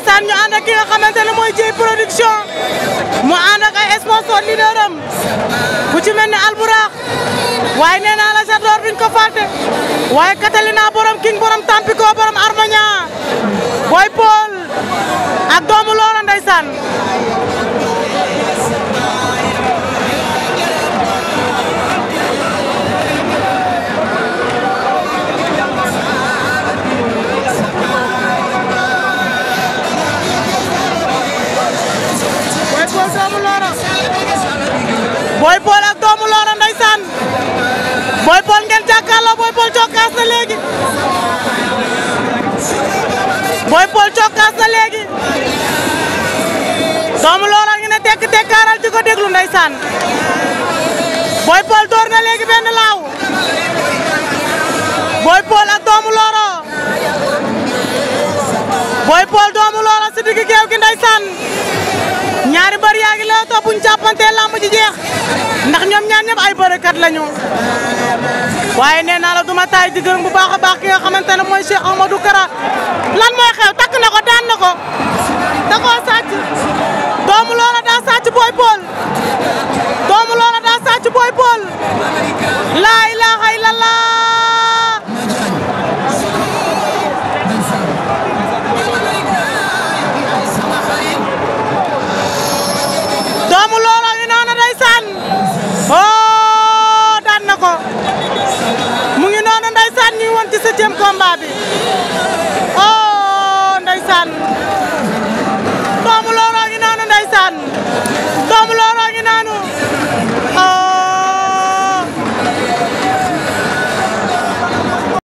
ndeysaan ñu ànd ak ki nga xamante mooy Dieye production mu ànd ay sponsor leader ku ci mel ne Alburax waaye nee naa la ko fàtte waaye Catalina borom king borom Tampico borom Armagnan Boy Paul ak doomu loola ndeysaan responsable Lora Boy Paul ak doomu Lora ndeysaan Boy Paul ngeen jàkkaarloo Boy Paul cokkaas na léegi Boy Paul cokkaas na léegi doomu Lora ngi ne tekk tekkaaral di ko déglu ndeysaan Boy Paul door na léegi benn laaw Boy Paul ak doomu Lora Boy Paul doomu Lora si digg géew gi ndeysaan ñaari mbër yaa ngi bu ñu jàppantee lamb ji jeex ndax ñoom ñaar ñëpp ay bërëkat lañu waaye nee naa la duma taay di bu baax a nga xamante ne mooy Cheikh Amadou Kara lan mooy xew takk na daan na ko da koo sàcc doomu loola daa sàcc booy pool doomu loola daa sàcc booy pool loola ngi noonu ndeysaan oh daan na ko mu ngi noonu ndeysaan ñu ngi woon ci septième combat bi oh ndeysaan doomu loola ngi noonu ndeysaan doomu loola ngi noonu